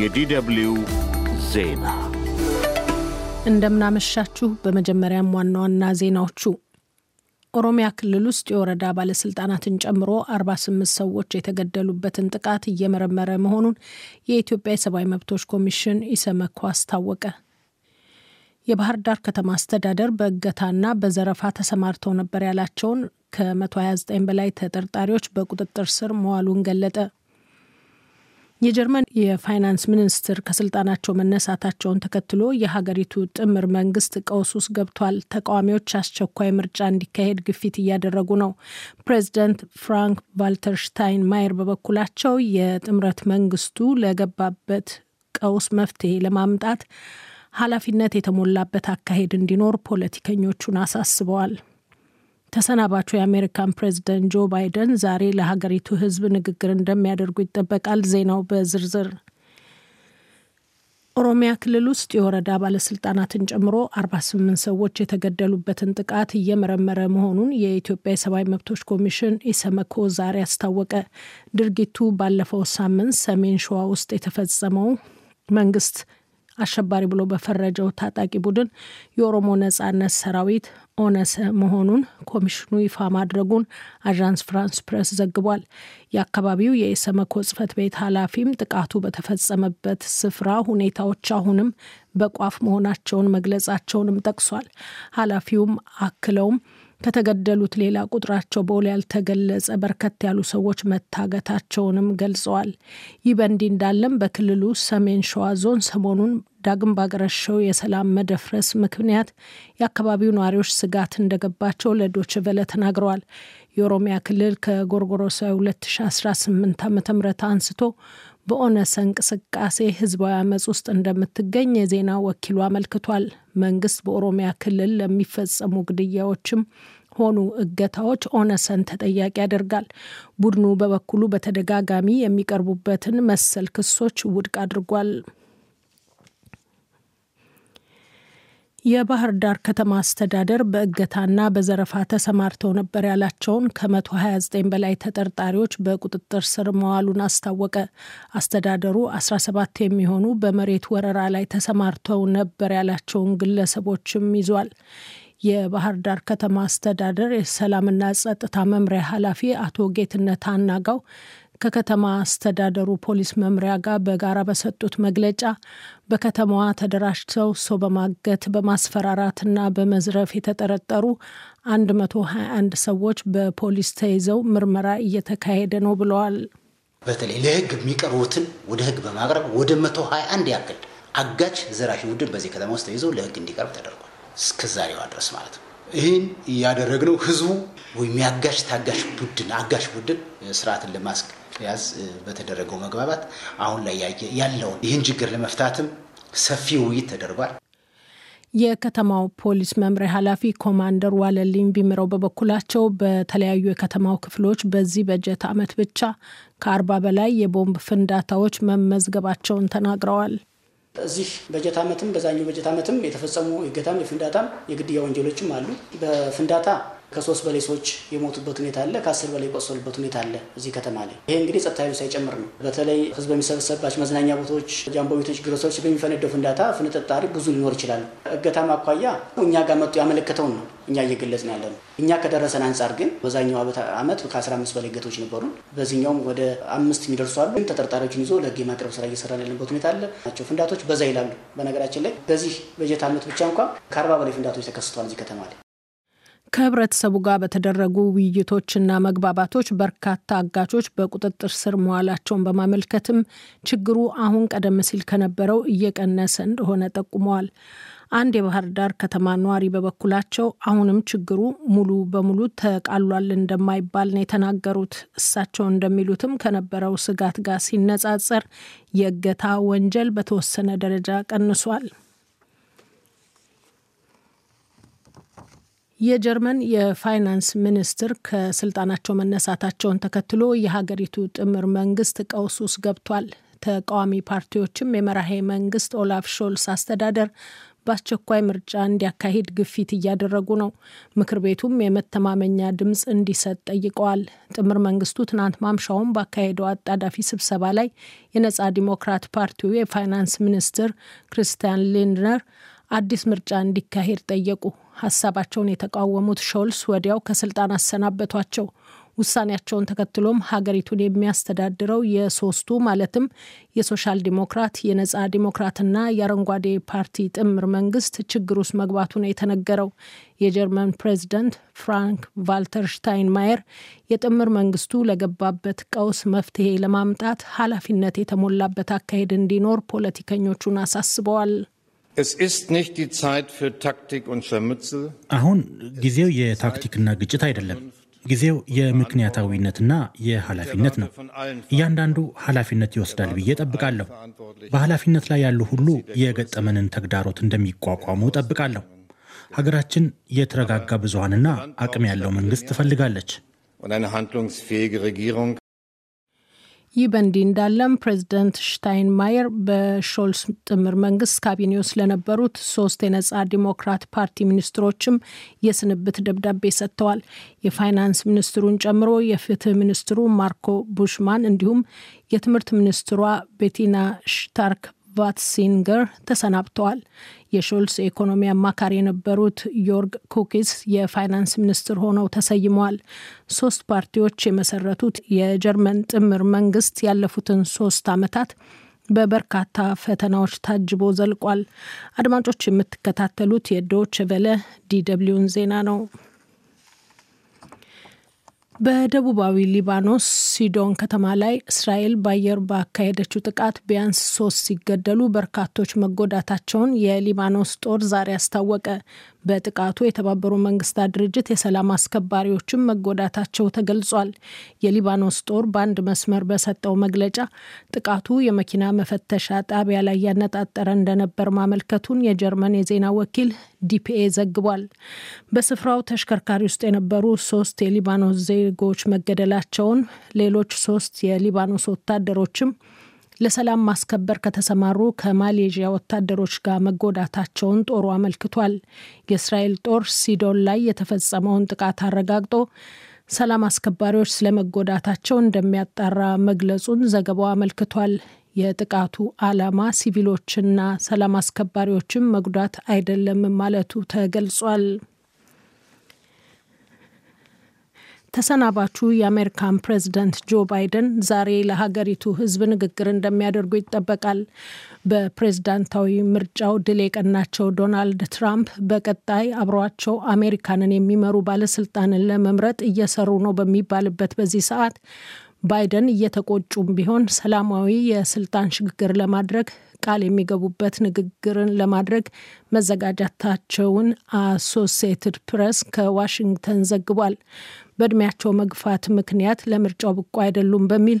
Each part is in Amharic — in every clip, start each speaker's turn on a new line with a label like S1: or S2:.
S1: የዲደብልዩ ዜና እንደምናመሻችሁ። በመጀመሪያም ዋና ዋና ዜናዎቹ ኦሮሚያ ክልል ውስጥ የወረዳ ባለስልጣናትን ጨምሮ 48 ሰዎች የተገደሉበትን ጥቃት እየመረመረ መሆኑን የኢትዮጵያ የሰብአዊ መብቶች ኮሚሽን ኢሰመኮ አስታወቀ። የባህር ዳር ከተማ አስተዳደር በእገታና በዘረፋ ተሰማርተው ነበር ያላቸውን ከ129 በላይ ተጠርጣሪዎች በቁጥጥር ስር መዋሉን ገለጠ። የጀርመን የፋይናንስ ሚኒስትር ከስልጣናቸው መነሳታቸውን ተከትሎ የሀገሪቱ ጥምር መንግስት ቀውስ ውስጥ ገብቷል። ተቃዋሚዎች አስቸኳይ ምርጫ እንዲካሄድ ግፊት እያደረጉ ነው። ፕሬዚደንት ፍራንክ ቫልተር ሽታይን ማየር በበኩላቸው የጥምረት መንግስቱ ለገባበት ቀውስ መፍትሄ ለማምጣት ኃላፊነት የተሞላበት አካሄድ እንዲኖር ፖለቲከኞቹን አሳስበዋል። ተሰናባቹ የአሜሪካን ፕሬዚደንት ጆ ባይደን ዛሬ ለሀገሪቱ ሕዝብ ንግግር እንደሚያደርጉ ይጠበቃል። ዜናው በዝርዝር ኦሮሚያ ክልል ውስጥ የወረዳ ባለስልጣናትን ጨምሮ 48 ሰዎች የተገደሉበትን ጥቃት እየመረመረ መሆኑን የኢትዮጵያ የሰብአዊ መብቶች ኮሚሽን ኢሰመኮ ዛሬ አስታወቀ። ድርጊቱ ባለፈው ሳምንት ሰሜን ሸዋ ውስጥ የተፈጸመው መንግስት አሸባሪ ብሎ በፈረጀው ታጣቂ ቡድን የኦሮሞ ነጻነት ሰራዊት ኦነሰ መሆኑን ኮሚሽኑ ይፋ ማድረጉን አዣንስ ፍራንስ ፕሬስ ዘግቧል። የአካባቢው የኢሰመኮ ጽህፈት ቤት ኃላፊም ጥቃቱ በተፈጸመበት ስፍራ ሁኔታዎች አሁንም በቋፍ መሆናቸውን መግለጻቸውንም ጠቅሷል። ኃላፊውም አክለውም ከተገደሉት ሌላ ቁጥራቸው በውል ያልተገለጸ በርከት ያሉ ሰዎች መታገታቸውንም ገልጸዋል። ይህ በእንዲህ እንዳለም በክልሉ ሰሜን ሸዋ ዞን ሰሞኑን ዳግም ባገረሸው የሰላም መደፍረስ ምክንያት የአካባቢው ነዋሪዎች ስጋት እንደገባቸው ለዶች በለ ተናግረዋል። የኦሮሚያ ክልል ከጎርጎሮሳዊ 2018 ዓ ም አንስቶ በኦነሰ እንቅስቃሴ ህዝባዊ አመፅ ውስጥ እንደምትገኝ የዜና ወኪሉ አመልክቷል። መንግስት በኦሮሚያ ክልል ለሚፈጸሙ ግድያዎችም ሆኑ እገታዎች ኦነሰን ተጠያቂ ያደርጋል። ቡድኑ በበኩሉ በተደጋጋሚ የሚቀርቡበትን መሰል ክሶች ውድቅ አድርጓል። የባህር ዳር ከተማ አስተዳደር በእገታና በዘረፋ ተሰማርተው ነበር ያላቸውን ከ129 በላይ ተጠርጣሪዎች በቁጥጥር ስር መዋሉን አስታወቀ። አስተዳደሩ 17 የሚሆኑ በመሬት ወረራ ላይ ተሰማርተው ነበር ያላቸውን ግለሰቦችም ይዟል። የባህር ዳር ከተማ አስተዳደር የሰላምና ጸጥታ መምሪያ ኃላፊ አቶ ጌትነት አናጋው ከከተማ አስተዳደሩ ፖሊስ መምሪያ ጋር በጋራ በሰጡት መግለጫ በከተማዋ ተደራጅተው ሰው በማገት በማስፈራራትና በመዝረፍ የተጠረጠሩ 121 ሰዎች በፖሊስ ተይዘው ምርመራ እየተካሄደ ነው ብለዋል። በተለይ ለህግ የሚቀርቡትን ወደ ህግ በማቅረብ ወደ 121 ያክል አጋች ዘራፊ ቡድን በዚህ ከተማ ውስጥ ተይዘው ለህግ እንዲቀርብ ተደርጓል። እስከ ዛሬዋ ድረስ ማለት ነው። ይህን ያደረግነው ህዝቡ ወይም ያጋሽ ታጋሽ ቡድን አጋሽ ቡድን ስርዓትን ለማስያዝ በተደረገው መግባባት አሁን ላይ ያለውን ይህን ችግር ለመፍታትም ሰፊ ውይይት ተደርጓል። የከተማው ፖሊስ መምሪያ ኃላፊ ኮማንደር ዋለልኝ ቢምረው በበኩላቸው በተለያዩ የከተማው ክፍሎች በዚህ በጀት ዓመት ብቻ ከአርባ በላይ የቦምብ ፍንዳታዎች መመዝገባቸውን ተናግረዋል። እዚህ በጀት ዓመትም በዛኛው በጀት ዓመትም የተፈጸሙ የእገታም የፍንዳታም የግድያ ወንጀሎችም አሉ። በፍንዳታ ከሶስት በላይ ሰዎች የሞቱበት ሁኔታ አለ። ከአስር በላይ የቆሰሉበት ሁኔታ አለ እዚህ ከተማ ላይ። ይሄ እንግዲህ ጸጥታ ኃይሉ ሳይጨምር ነው። በተለይ ህዝብ በሚሰበሰብባቸው መዝናኛ ቦታዎች፣ ጃምቦ ቤቶች፣ ግሮሰሮች በሚፈነደው ፍንዳታ ፍንጥጣሪ ብዙ ሊኖር ይችላል። እገታም አኳያ እኛ ጋር መጡ ያመለከተውን ነው እኛ እየገለጽ ያለ ነው። እኛ ከደረሰን አንጻር ግን በዛኛው ዓመት ከ15 በላይ እገቶች ነበሩ። በዚኛውም ወደ አምስት የሚደርሱ አሉ። ተጠርጣሪዎችን ይዞ ለህግ የማቅረብ ስራ እየሰራ ያለንበት ሁኔታ አለ ናቸው። ፍንዳቶች በዛ ይላሉ። በነገራችን ላይ በዚህ በጀት ዓመት ብቻ እንኳ ከአርባ በላይ ፍንዳቶች ተከስተዋል እዚህ ከተማ ላይ። ከህብረተሰቡ ጋር በተደረጉ ውይይቶችና መግባባቶች በርካታ አጋቾች በቁጥጥር ስር መዋላቸውን በማመልከትም ችግሩ አሁን ቀደም ሲል ከነበረው እየቀነሰ እንደሆነ ጠቁመዋል። አንድ የባህር ዳር ከተማ ነዋሪ በበኩላቸው አሁንም ችግሩ ሙሉ በሙሉ ተቃሏል እንደማይባል ነው የተናገሩት። እሳቸው እንደሚሉትም ከነበረው ስጋት ጋር ሲነጻጸር የእገታ ወንጀል በተወሰነ ደረጃ ቀንሷል። የጀርመን የፋይናንስ ሚኒስትር ከስልጣናቸው መነሳታቸውን ተከትሎ የሀገሪቱ ጥምር መንግስት ቀውስ ውስጥ ገብቷል። ተቃዋሚ ፓርቲዎችም የመራሄ መንግስት ኦላፍ ሾልስ አስተዳደር በአስቸኳይ ምርጫ እንዲያካሂድ ግፊት እያደረጉ ነው። ምክር ቤቱም የመተማመኛ ድምፅ እንዲሰጥ ጠይቀዋል። ጥምር መንግስቱ ትናንት ማምሻውን ባካሄደው አጣዳፊ ስብሰባ ላይ የነጻ ዲሞክራት ፓርቲው የፋይናንስ ሚኒስትር ክርስቲያን ሊንድነር አዲስ ምርጫ እንዲካሄድ ጠየቁ። ሀሳባቸውን የተቃወሙት ሾልስ ወዲያው ከስልጣን አሰናበቷቸው። ውሳኔያቸውን ተከትሎም ሀገሪቱን የሚያስተዳድረው የሶስቱ ማለትም የሶሻል ዲሞክራት፣ የነጻ ዲሞክራትና የአረንጓዴ ፓርቲ ጥምር መንግስት ችግር ውስጥ መግባቱ ነው የተነገረው። የጀርመን ፕሬዚደንት ፍራንክ ቫልተር ሽታይንማየር የጥምር መንግስቱ ለገባበት ቀውስ መፍትሄ ለማምጣት ኃላፊነት የተሞላበት አካሄድ እንዲኖር ፖለቲከኞቹን አሳስበዋል። አሁን ጊዜው የታክቲክና ግጭት አይደለም። ጊዜው የምክንያታዊነትና የኃላፊነት ነው። እያንዳንዱ ኃላፊነት ይወስዳል ብዬ ጠብቃለሁ። በኃላፊነት ላይ ያሉ ሁሉ የገጠመንን ተግዳሮት እንደሚቋቋሙ ጠብቃለሁ። ሀገራችን የተረጋጋ ብዙሀንና አቅም ያለው መንግስት ትፈልጋለች። ይህ በእንዲህ እንዳለም ፕሬዚደንት ሽታይንማየር በሾልስ ጥምር መንግስት ካቢኔ ውስጥ ለነበሩት ሶስት የነጻ ዲሞክራት ፓርቲ ሚኒስትሮችም የስንብት ደብዳቤ ሰጥተዋል። የፋይናንስ ሚኒስትሩን ጨምሮ የፍትህ ሚኒስትሩ ማርኮ ቡሽማን እንዲሁም የትምህርት ሚኒስትሯ ቤቲና ሽታርክ ቫትሲንገር ተሰናብተዋል። የሾልስ የኢኮኖሚ አማካሪ የነበሩት ዮርግ ኩኪስ የፋይናንስ ሚኒስትር ሆነው ተሰይመዋል። ሶስት ፓርቲዎች የመሰረቱት የጀርመን ጥምር መንግስት ያለፉትን ሶስት ዓመታት በበርካታ ፈተናዎች ታጅቦ ዘልቋል። አድማጮች የምትከታተሉት የዶች ቨለ ዲደብሊውን ዜና ነው። በደቡባዊ ሊባኖስ ሲዶን ከተማ ላይ እስራኤል በአየር ባካሄደችው ጥቃት ቢያንስ ሶስት ሲገደሉ በርካቶች መጎዳታቸውን የሊባኖስ ጦር ዛሬ አስታወቀ። በጥቃቱ የተባበሩ መንግስታት ድርጅት የሰላም አስከባሪዎችም መጎዳታቸው ተገልጿል። የሊባኖስ ጦር በአንድ መስመር በሰጠው መግለጫ ጥቃቱ የመኪና መፈተሻ ጣቢያ ላይ ያነጣጠረ እንደነበር ማመልከቱን የጀርመን የዜና ወኪል ዲፒኤ ዘግቧል። በስፍራው ተሽከርካሪ ውስጥ የነበሩ ሶስት የሊባኖስ ዜጎች መገደላቸውን ሌሎች ሶስት የሊባኖስ ወታደሮችም ለሰላም ማስከበር ከተሰማሩ ከማሌዥያ ወታደሮች ጋር መጎዳታቸውን ጦሩ አመልክቷል። የእስራኤል ጦር ሲዶን ላይ የተፈጸመውን ጥቃት አረጋግጦ ሰላም አስከባሪዎች ስለመጎዳታቸው እንደሚያጣራ መግለጹን ዘገባው አመልክቷል። የጥቃቱ ዓላማ ሲቪሎችና ሰላም አስከባሪዎችን መጉዳት አይደለም ማለቱ ተገልጿል። ተሰናባቹ የአሜሪካን ፕሬዚደንት ጆ ባይደን ዛሬ ለሀገሪቱ ህዝብ ንግግር እንደሚያደርጉ ይጠበቃል። በፕሬዝዳንታዊ ምርጫው ድል የቀናቸው ዶናልድ ትራምፕ በቀጣይ አብሯቸው አሜሪካንን የሚመሩ ባለስልጣንን ለመምረጥ እየሰሩ ነው በሚባልበት በዚህ ሰዓት ባይደን እየተቆጩም ቢሆን ሰላማዊ የስልጣን ሽግግር ለማድረግ ቃል የሚገቡበት ንግግርን ለማድረግ መዘጋጀታቸውን አሶሲየትድ ፕሬስ ከዋሽንግተን ዘግቧል። በእድሜያቸው መግፋት ምክንያት ለምርጫው ብቁ አይደሉም በሚል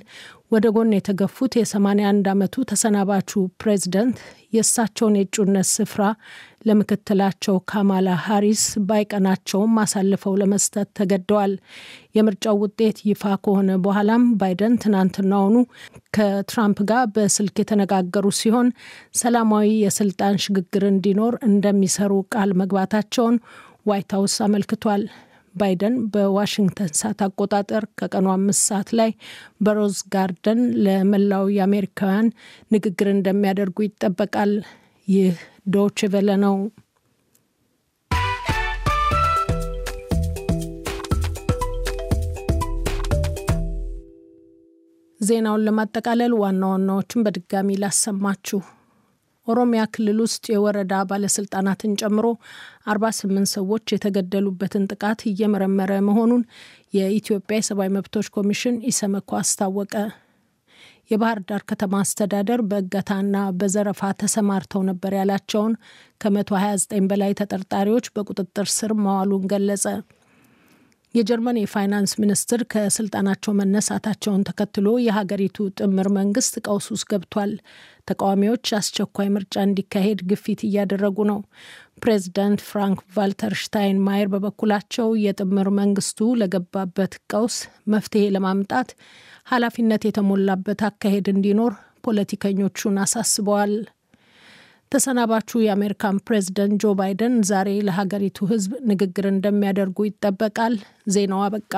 S1: ወደ ጎን የተገፉት የ81 ዓመቱ ተሰናባቹ ፕሬዝደንት የእሳቸውን የእጩነት ስፍራ ለምክትላቸው ካማላ ሃሪስ ባይቀናቸውም አሳልፈው ለመስጠት ተገደዋል። የምርጫው ውጤት ይፋ ከሆነ በኋላም ባይደን ትናንትናውኑ ከትራምፕ ጋር በስልክ የተነጋገሩ ሲሆን ሰላማዊ የስልጣን ሽግግር እንዲኖር እንደሚሰሩ ቃል መግባታቸውን ዋይት ሀውስ አመልክቷል። ባይደን በዋሽንግተን ሰዓት አቆጣጠር ከቀኑ አምስት ሰዓት ላይ በሮዝ ጋርደን ለመላው የአሜሪካውያን ንግግር እንደሚያደርጉ ይጠበቃል። ይህ ዶች ቨለ ነው። ዜናውን ለማጠቃለል ዋና ዋናዎቹን በድጋሚ ላሰማችሁ። ኦሮሚያ ክልል ውስጥ የወረዳ ባለስልጣናትን ጨምሮ 48 ሰዎች የተገደሉበትን ጥቃት እየመረመረ መሆኑን የኢትዮጵያ የሰብአዊ መብቶች ኮሚሽን ኢሰመኮ አስታወቀ። የባህር ዳር ከተማ አስተዳደር በእገታና በዘረፋ ተሰማርተው ነበር ያላቸውን ከ129 በላይ ተጠርጣሪዎች በቁጥጥር ስር መዋሉን ገለጸ። የጀርመን የፋይናንስ ሚኒስትር ከስልጣናቸው መነሳታቸውን ተከትሎ የሀገሪቱ ጥምር መንግስት ቀውስ ውስጥ ገብቷል። ተቃዋሚዎች አስቸኳይ ምርጫ እንዲካሄድ ግፊት እያደረጉ ነው። ፕሬዚዳንት ፍራንክ ቫልተር ሽታይን ማየር በበኩላቸው የጥምር መንግስቱ ለገባበት ቀውስ መፍትሄ ለማምጣት ኃላፊነት የተሞላበት አካሄድ እንዲኖር ፖለቲከኞቹን አሳስበዋል። ተሰናባቹ የአሜሪካን ፕሬዝደንት ጆ ባይደን ዛሬ ለሀገሪቱ ህዝብ ንግግር እንደሚያደርጉ ይጠበቃል። ዜናው አበቃ።